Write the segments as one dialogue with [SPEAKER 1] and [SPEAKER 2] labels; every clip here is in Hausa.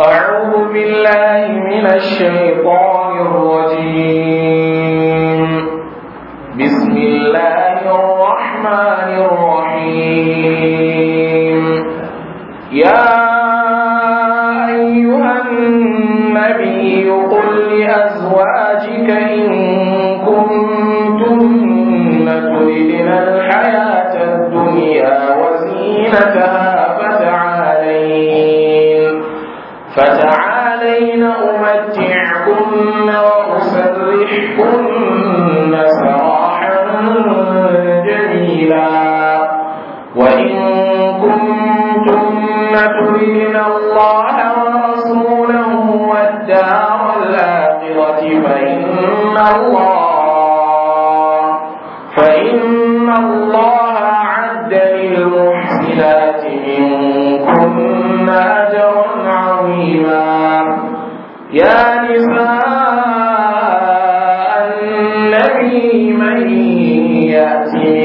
[SPEAKER 1] أعوذ بالله من الشيطان الرجيم بسم الله الرحمن الرحيم يا أيها النبي قل لأزواجك إن كنتن تردن الحياة الدنيا وزينتها علينا أمتعكن وأسرحكن سراحا جميلا وإن كنتن تريدن الله ورسوله والدار الآخرة فإن الله فإن الله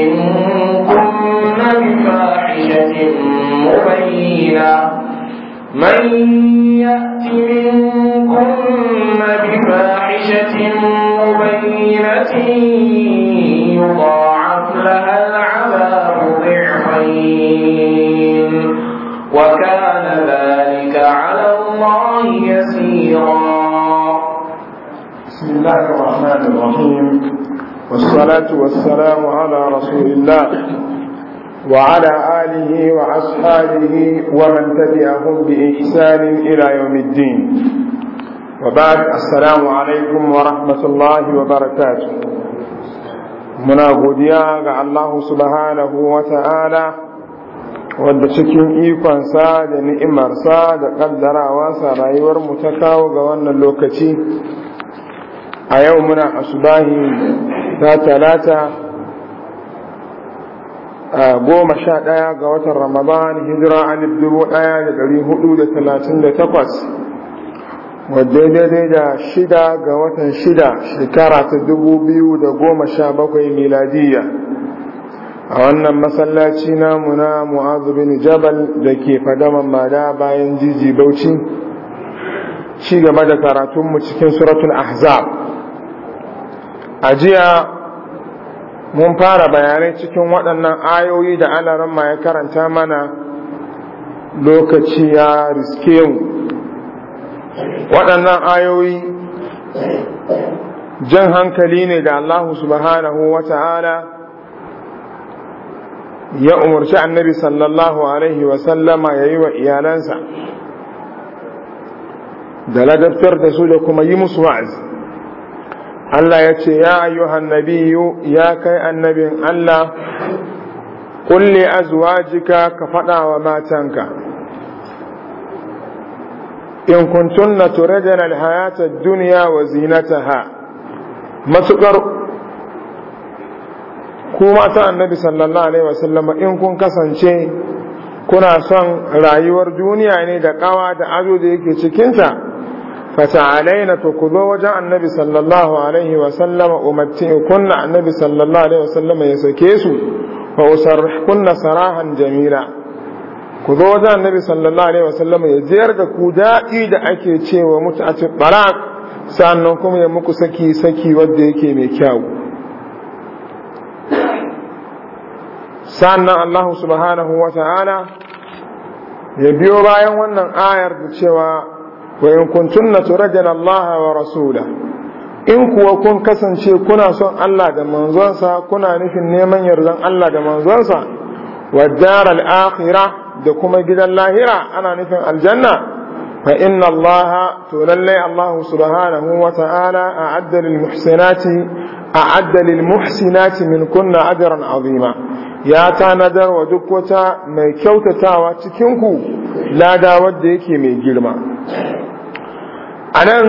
[SPEAKER 1] إن كن بفاحشة مبينة من يأت منكن بفاحشة مبينة يضاعف لها العذاب ضعفين وكان ذلك على الله يسيرا
[SPEAKER 2] بسم الله الرحمن الرحيم والصلاة والسلام على رسول الله وعلى آله وأصحابه ومن تبعهم بإحسان إلى يوم الدين وبعد السلام عليكم ورحمة الله وبركاته muna godiya ga Allahu subhanahu wa ta'ala wadda cikin ikonsa da ni'imarsa da ƙaddarawasa, rayuwar mu ta kawo ga wannan lokaci a yau muna asubahi ta talata a goma sha ɗaya ga watan ramadan hijira alif dubu ɗaya da ɗari hudu da talatin da takwas wadda daidai da shida ga watan shida shekara ta dubu biyu da goma sha bakwai miladiyya a wannan masallaci namu na mu'azu bin jabal da ke fadaman mada bayan jiji bauchi ci gaba da karatunmu cikin suratul ahzab ajiya mun fara bayanai cikin waɗannan ayoyi da alaran ma ya karanta mana lokaci ya riske mu waɗannan ayoyi jan hankali ne da Allah subhanahu wa ta'ala ya umarci annabi sallallahu alaihi wasallama ya yi wa iyalansa da ladabtar da su da kuma yi musu wa'azi Allah ya ce ya ayyuhan nabiyu ya kai annabin Allah kulli azwajika ka faɗa wa matanka in kuntunna turidna alhayata ad-dunya wa zinataha matukar ku mata annabi sallallahu alaihi wasallam in kun kasance kuna son rayuwar duniya ne da ƙawa da ado da yake cikinta fata'alaina to ku zo wajen annabi sallallahu alaihi wa sallama umartin kunna annabi sallallahu alaihi wa sallama ya sake su fa usarrihkunna sarahan jamila ku zo wajen annabi sallallahu alaihi wa sallama ya ziyar da ku daɗi da ake cewa mut'ati talaq sannan kuma ya muku saki saki wanda yake mai kyau sannan Allahu subhanahu wa ta'ala ya biyo bayan wannan ayar da cewa wa in kuntunna turadina Allah wa rasula in kuwa kun kasance kuna son Allah da manzonsa kuna nufin neman yardan Allah da manzonsa wa daral akhirah da kuma gidan lahira ana nufin aljanna fa inna Allah to lalle Allahu subhanahu wa ta'ala a'adda lil muhsinati a'adda lil min kunna ajran azima ya tanadar wa duk wata mai kyautatawa cikin ku lada wanda yake mai girma a nan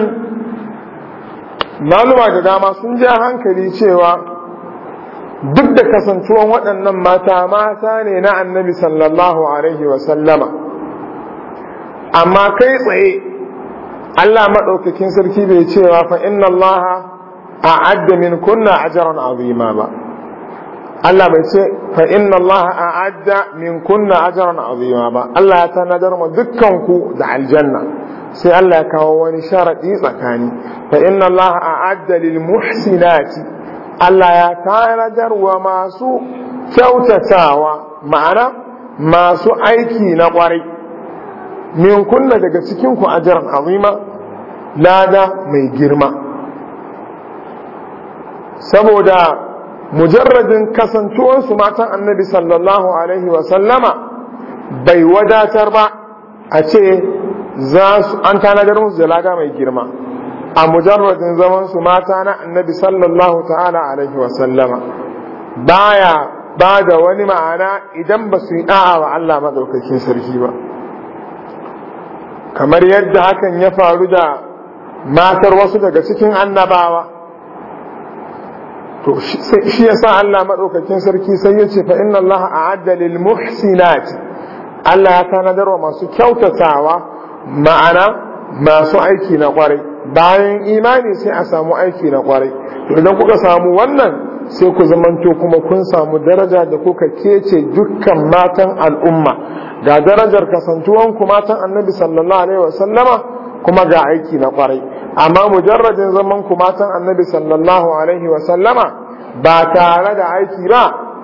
[SPEAKER 2] maluma da dama sun ja hankali cewa duk da kasancewa waɗannan mata mata ne na annabi sallallahu alaihi wasallama amma kai tsaye Allah maɗaukakin sarki bai cewa fa inna Allah a adda min kunna ajaran azima ba Allah bai ce fa inna Allah a adda min kunna ajaran azima ba Allah ya tanadar mu dukkan ku da aljanna sai Allah ya kawo wani sharaɗi tsakani fa inna Allah a'adda lil muhsinati Allah ya tanadar wa masu kyautatawa ma'ana masu aiki na kwarai min kunna daga cikin ku ajran azima lada mai girma saboda mujarradin kasantuwansu matan annabi sallallahu alaihi sallama bai wadatar ba a ce za su an tanadar musu zalaga mai girma a mujarradin zaman su mata na annabi sallallahu ta'ala alaihi wa sallama baya ba da wani ma'ana idan ba su yi da'a wa Allah madaukakin sarki ba kamar yadda hakan ya faru da matar wasu daga cikin annabawa to shi yasa Allah madaukakin sarki sai ya ce fa inna Allah a'adda lil muhsinati Allah ya tanadar wa masu kyautatawa ma'ana masu aiki na kwarai bayan imani sai a samu aiki na kwarai idan kuka samu wannan sai ku zamanto kuma kun samu daraja da kuka kece dukkan matan al'umma ga darajar kasantuwan ku matan annabi sallallahu alaihi wasallama kuma ga aiki na kwarai amma mujarradin zaman ku matan annabi sallallahu alaihi wasallama ba tare da aiki ba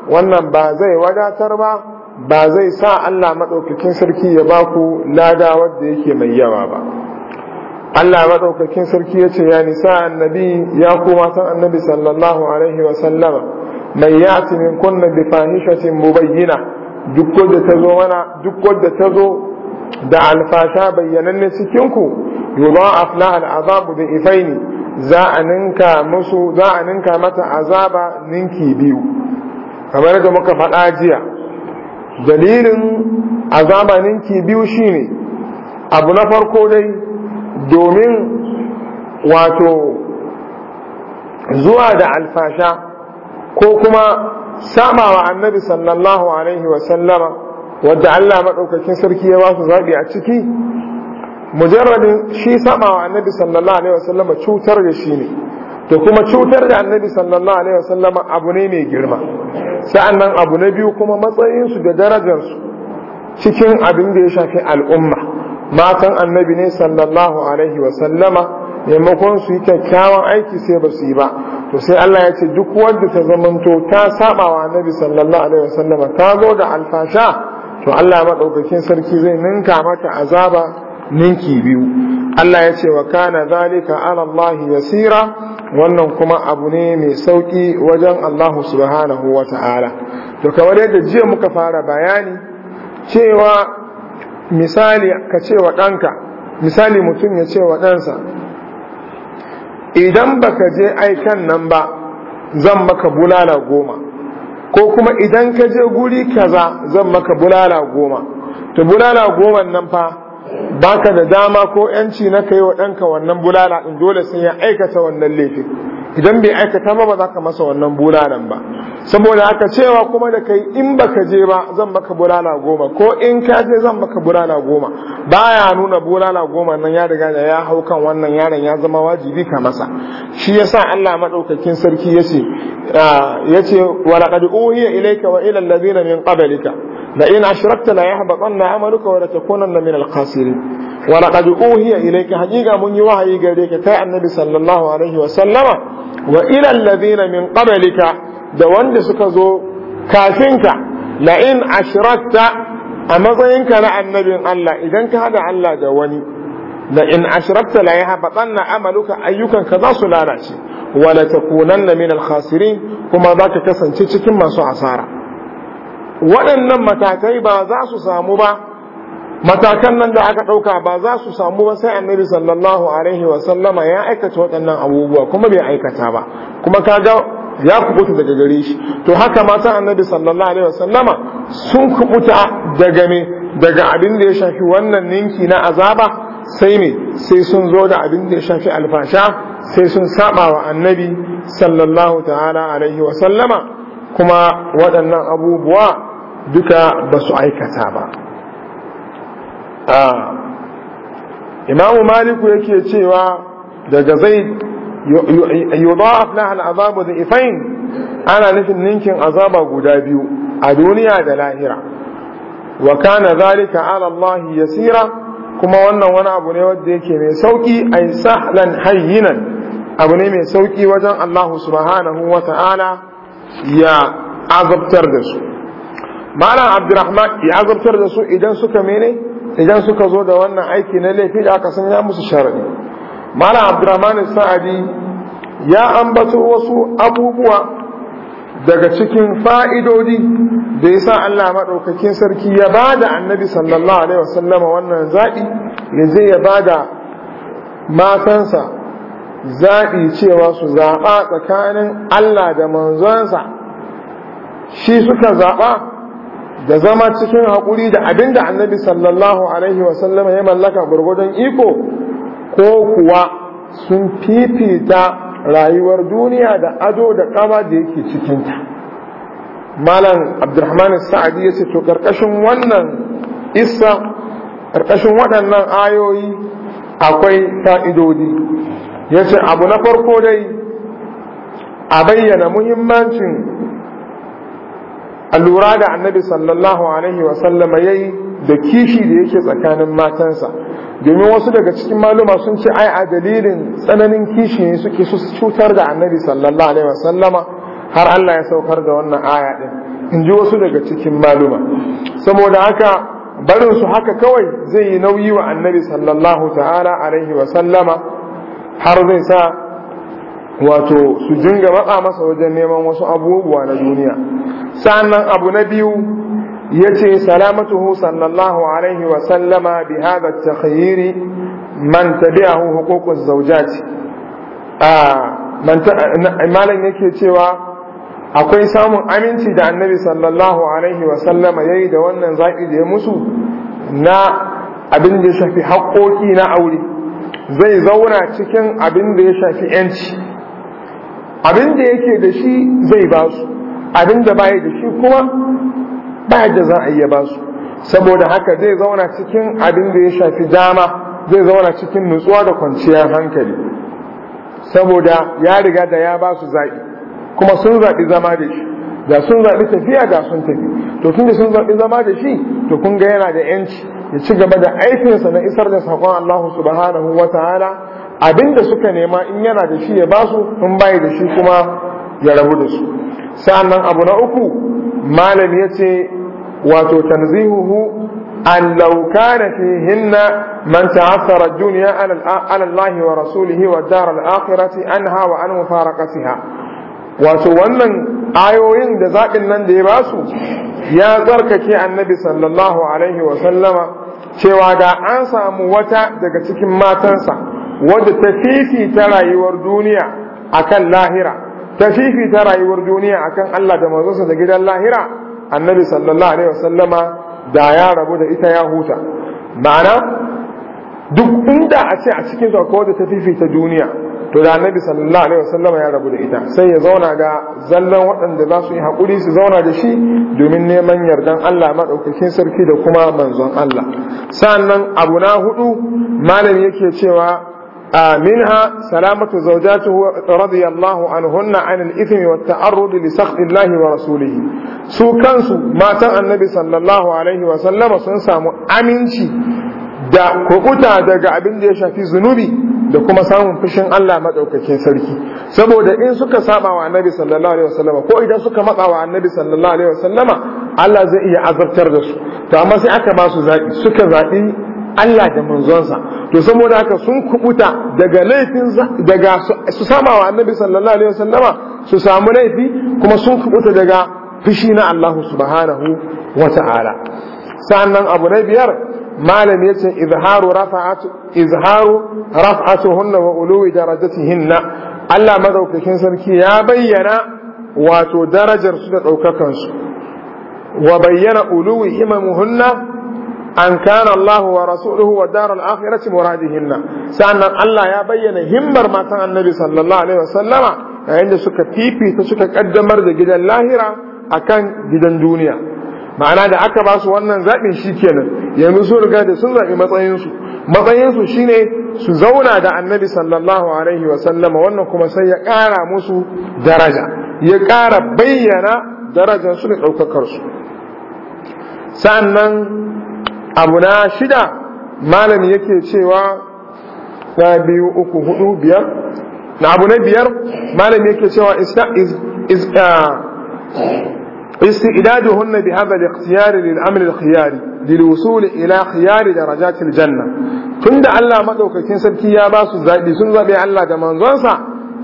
[SPEAKER 2] wannan ba zai wadatar ba ba zai sa Allah maɗaukakin sarki ya ba ku lada wadda yake mai yawa ba Allah maɗaukakin sarki ya ce ya nisa annabi ya kuma san annabi sallallahu alaihi wa sallama mai ya min kunna bi fahishatin mubayyina duk wadda ta zo duk ta zo da alfasha bayyananne cikin ku yudha'af laha al'azabu da ifaini za ninka za a ninka mata azaba ninki biyu kamar da muka faɗa jiya dalilin a ke biyu shine abu na farko dai domin wato zuwa da alfasha ko kuma sama wa annabi sallallahu alaihi wasallama wadda Allah maɗaukakin sarki ya ba su zaɓi a ciki mujarradin shi sama wa annabi sallallahu alaihi wasallama cutar da shi ne da kuma cutar da annabi sallallahu alaihi wasallama abu ne mai girma sa'annan abu na biyu kuma matsayinsu da darajarsu cikin abin da ya shafi al'umma matan annabi ne sallallahu alaihi wa sallama maimakon su yi kyakkyawan aiki sai ba su yi ba to sai Allah ya ce duk wanda ta zamanto ta saba wa annabi sallallahu alaihi wa ta zo da alfasha to Allah maɗaukakin sarki zai ninka mata azaba ninki biyu Allah ya ce wa kana zalika ala Allah yasira wannan kuma abu ne mai sauki wajen Allah subhanahu wa ta'ala to kamar yadda jiya muka fara bayani cewa misali ka ce wa ɗanka misali mutum ya ce wa ɗansa idan baka je aikan nan ba zan maka bulala goma ko kuma idan ka je guri kaza zan maka bulala goma to bulala goma nan fa baka da dama ko yanci na kai wa ɗanka wannan bulala ɗin dole sun ya aikata wannan laifin. idan bai aikata ba ba za ka masa wannan bulalan ba saboda aka cewa kuma da kai in baka je ba zan baka bulala goma ko in ka je zan baka bulala goma baya nuna bulala goma nan ya riga da ya hau kan wannan yaron ya zama wajibi ka masa shi yasa Allah madaukakin sarki yace ah, yace wa laqad uhiya ilayka wa ila alladhina min qablika لئن أشركت لا يحبطن عملك ولتكونن من الخاسرين ولقد أوهي إليك حقيقة من يوحي إليك تاع النبي صلى الله عليه وسلم وإلى الذين من قبلك دوان سكزو كافنك لئن أشركت أما ظينك لا النبي الله إذا كان الله دواني لئن أشركت لا يحبطن عملك أيك كذا سلالة ولتكونن من الخاسرين كما ذاك كسن تشكي ما سوى waɗannan matakai ba za su samu ba matakan nan da aka ɗauka ba za su samu ba sai annabi sallallahu alaihi wa sallama ya aikata waɗannan abubuwa kuma bai aikata ba kuma kaga ya kubuta daga gare shi to haka sai annabi sallallahu alaihi wa sallama sun kubuta daga me daga abin da ya shafi wannan ninki na azaba sai me sai sun zo da abin da ya shafi alfasha sai sun saba wa annabi sallallahu ta'ala alaihi wa sallama kuma waɗannan abubuwa duka ba su aikata ba ah, imamu maliku yake cewa daga zai yudha'af laha al'azabu ifain ana nufin ninkin azaba guda biyu a duniya da lahira wa kana zalika alallahi, yasira kuma wannan wani abu ne wadda yake mai sauki ay sahlan hayyinan abu ne mai sauki wajen Allahu subhanahu wa ta'ala ya azabtar da su malam abdurrahman ya azabtar da su idan suka mene idan suka zo da wannan aiki na laifi da aka sanya musu sharadi malam abdurrahman sa'adi ya ambato wasu abubuwa daga cikin fa'idodi da ya sa Allah maɗaukakin sarki ya ba da annabi sallallahu alaihi wasallama wannan zaɓi ya zai ya ba da matansa zaɓi cewa su zaɓa tsakanin Allah da manzonsa shi suka zaɓa da zama cikin haƙuri da abin da annabi sallallahu alaihi wasallama ya mallaka gwargwadon iko ko kuwa sun fifita rayuwar duniya da ado da ƙama da yake cikinta malam Abdulrahman sa'adi ya ce to ƙarƙashin wannan isa ƙarƙashin waɗannan ayoyi akwai fa'idodi ya ce abu na farko dai a bayyana muhimmancin A lura da annabi sallallahu alaihi wasallama ya yi da kishi da yake tsakanin matansa domin wasu daga cikin maluma sun ce ai a dalilin tsananin kishi ne suke su cutar da annabi sallallahu alaihi sallama, har Allah ya saukar da wannan aya din in ji wasu daga cikin maluma saboda haka barin su haka kawai zai yi nauyi wa annabi sallallahu ta'ala alaihi wasallama har zai sa wato su dinga matsa masa wajen neman wasu abubuwa na duniya sannan abu na biyu ya ce salamatuhu sallallahu alaihi wa sallama bi ta khayiri man tabi'ahu huququ zawjati a man yake cewa akwai samun aminci da annabi sallallahu alaihi wa sallama yi da wannan zaƙi da ya musu na abin da ya shafi haƙoƙi na aure zai zauna cikin abin da ya shafi yanci Abinda yake da shi zai ba su abinda baya da shi kuma baya da za a iya ba su saboda haka zai zauna cikin abinda ya shafi dama zai zauna cikin nutsuwa da kwanciyar hankali saboda ya riga da ya ba su zaɓi kuma sun zaɓi zama da shi da sun zaɓi tafiya da sun tafi to tun da sun zaɓi zama da shi to kun ga yana da yanci ya ci gaba da aikinsa na isar da saƙon Allah subhanahu wa ta'ala abinda suka nema in yana da shi ya ba su in bai da shi kuma ya rabu da su sa'annan abu na uku malam ya ce wato tanzihuhu an law kana fihinna man ta'assara duniya ala Allah wa rasulihi wa dar al-akhirati an wa an mufaraqatiha wato wannan ayoyin da zaɓin nan da ya ba su ya tsarkake annabi sallallahu alaihi wa sallama cewa ga an samu wata daga cikin matansa wadda ta fifita rayuwar duniya akan lahira ta fifita rayuwar duniya akan Allah da manzonsa da gidan lahira annabi sallallahu alaihi wasallama da ya rabu da ita ya huta ma'ana duk inda a ce a cikin su akwai wadda ta fifita duniya to da annabi sallallahu alaihi wasallama ya rabu da ita sai ya zauna ga zallan waɗanda za su yi haƙuri su zauna da shi domin neman yardan Allah maɗaukakin sarki da kuma manzon Allah sannan abu na hudu malami yake cewa منها سلامة زوجاته رضي الله عنهن عن الإثم والتعرض لسخط الله ورسوله سو كانسو ما تن النبي صلى الله عليه وسلم سن سامو أمينشي da kukuta daga abin da ya shafi zunubi da kuma samun fushin Allah madaukakin sarki saboda in suka saba annabi sallallahu alaihi wasallama ko idan suka matsa wa annabi sallallahu alaihi wasallama Allah zai iya azabtar da su to amma sai aka ba su suka zaɓi. Allah da manzonsa to saboda haka sun kubuta daga laifin daga su sama wa annabi sallallahu alaihi wasallam su samu laifi kuma sun kubuta daga fushi na Allah subhanahu wata'ala ta'ala abu na biyar malam ya ce izharu rafa'atu izharu rafa'atuhunna wa uluwi darajatihinna Allah madaukakin sarki ya bayyana wato darajar su da daukakan su wa bayyana uluwi himamuhunna an kana Allah wa rasuluhu wa daral akhirati muradihinna sannan Allah ya bayyana himmar matan annabi sallallahu alaihi wasallama yayin da suka fifita suka kaddamar da gidan lahira akan gidan duniya ma'ana da aka ba su wannan zaɓin shi kenan yanzu sun riga da sun zaɓi matsayinsu matsayinsu shine su zauna da annabi sallallahu alaihi wasallama wannan kuma sai ya ƙara musu daraja ya ƙara bayyana darajarsu da ɗaukakarsu sannan abu na shida malami yake cewa na biyu uku hudu biyar na abu na biyar malami yake cewa uh, isti idadu hunna bi haɗa da khiyari da amalin khiyari da wusuli ila khiyari da rajatun janna tun da Allah maɗaukakin sarki ya basu zaɓi sun zaɓe Allah da manzonsa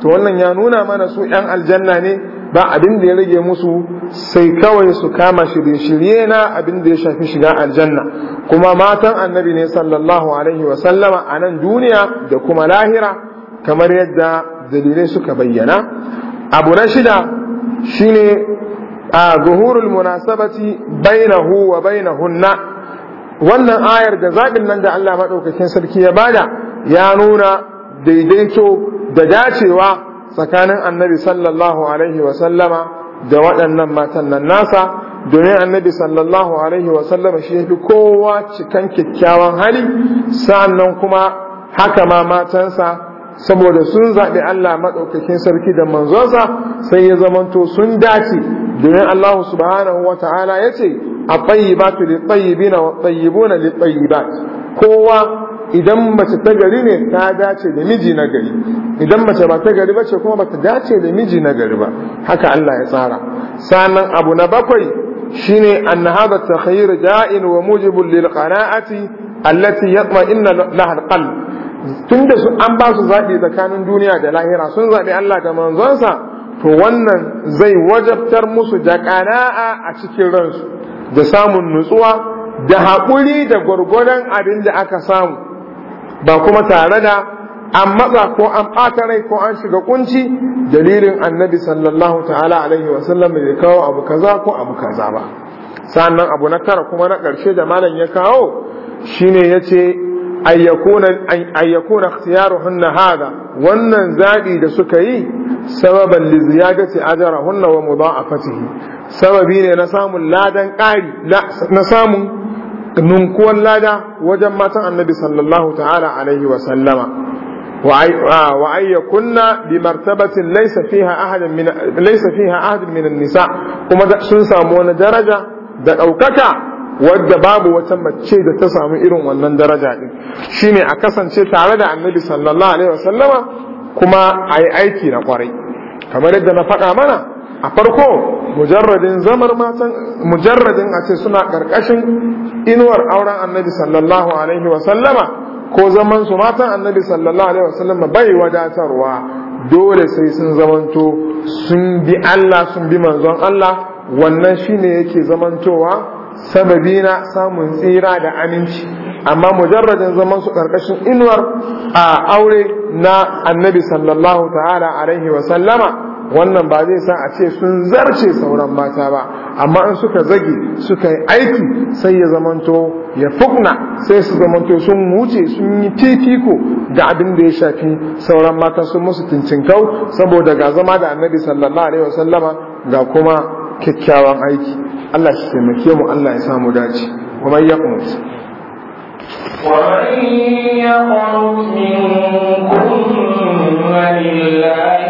[SPEAKER 2] to wannan ya nuna mana su ‘yan aljanna ne’ ba abin da ya rage musu sai kawai su kama shirye-shirye na abin da ya shafi shiga aljanna kuma matan annabi ne sallallahu alaihi wa sallama a nan duniya da kuma lahira kamar yadda dalilai suka bayyana abu na shida shine a zuhurul munasabati bainahu wa bainahunna wannan ayar da zaɓin nan da Allah maɗaukakin sarki ya bada ya nuna daidaito da dacewa tsakanin annabi sallallahu alaihi wasallama da waɗannan matan nan nasa domin annabi sallallahu alaihi wasallama shi yafi kowa cikan kyakkyawan hali sa'annan kuma haka ma matansa saboda sun zaɓi Allah maɗaukakin sarki da manzonsa sai ya zamanto sun dace domin Allah subhanahu wa ta'ala ya ce a tsayibatu li bina wa tsayibuna li tsayibat kowa idan mace ta gari ne ta dace da miji na gari idan mace ba ta gari ba ce kuma ba ta dace da miji na gari ba haka Allah ya tsara sannan abu na bakwai shine anna hadha takhayyur da'in wa mujibun lil ya allati inna laha al tunda su an ba su tsakanin duniya da lahira sun zaɓi Allah da manzonsa to wannan zai wajabtar musu da ƙana'a a cikin ransu da samun nutsuwa da haƙuri da gwargwadon abin da aka samu ba kuma tare da an matsa ko an ɓata rai ko an shiga kunci dalilin annabi sallallahu ta'ala alaihi kawo abu kaza ko abu kaza ba sannan abu na tara kuma na ƙarshe da malam ya kawo shine ya ce ayyakuna hunna hada wannan zaɓi da suka yi sababan li ziyadati ajrahunna wa mudha'afatihi sababi ne na samun ladan ƙari na samun ninkuwan lada wajen matan annabi sallallahu ta'ala alaihi wa sallama wa ayya kunna bi martabatin laysa fiha ahadun min an-nisa kuma sun samu wani daraja da daukaka wadda babu wata mace da ta samu irin wannan daraja din shine a kasance tare da annabi sallallahu alaihi wa sallama kuma ayi aiki na kwarai kamar yadda na faɗa mana a farko mujarradin zamar matan mujarradin a ce suna ƙarƙashin inuwar auren annabi sallallahu alaihi wasallama ko zamansu matan annabi sallallahu alaihi wasallama bai wadatarwa dole sai sun zamanto sun bi Allah sun bi manzon Allah wannan shine yake zamantowa sababi na samun tsira da aminci amma mujarradin zaman su ƙarƙashin inuwar a aure na annabi sallallahu ta'ala alaihi wasallama wannan ba zai sa a ce sun zarce sauran mata ba amma in suka zage suka yi aiki sai ya zamanto ya fukna sai su zamanto sun wuce sun yi fifiko da abin da ya shafi sauran mata sun musu kau, saboda ga zama da annabi sallallahu alaihi wasallama ga kuma kyakkyawan aiki Allah shi taimake mu Allah ya samu dace kuma ya kuma
[SPEAKER 1] ومن يقنط منكم ولله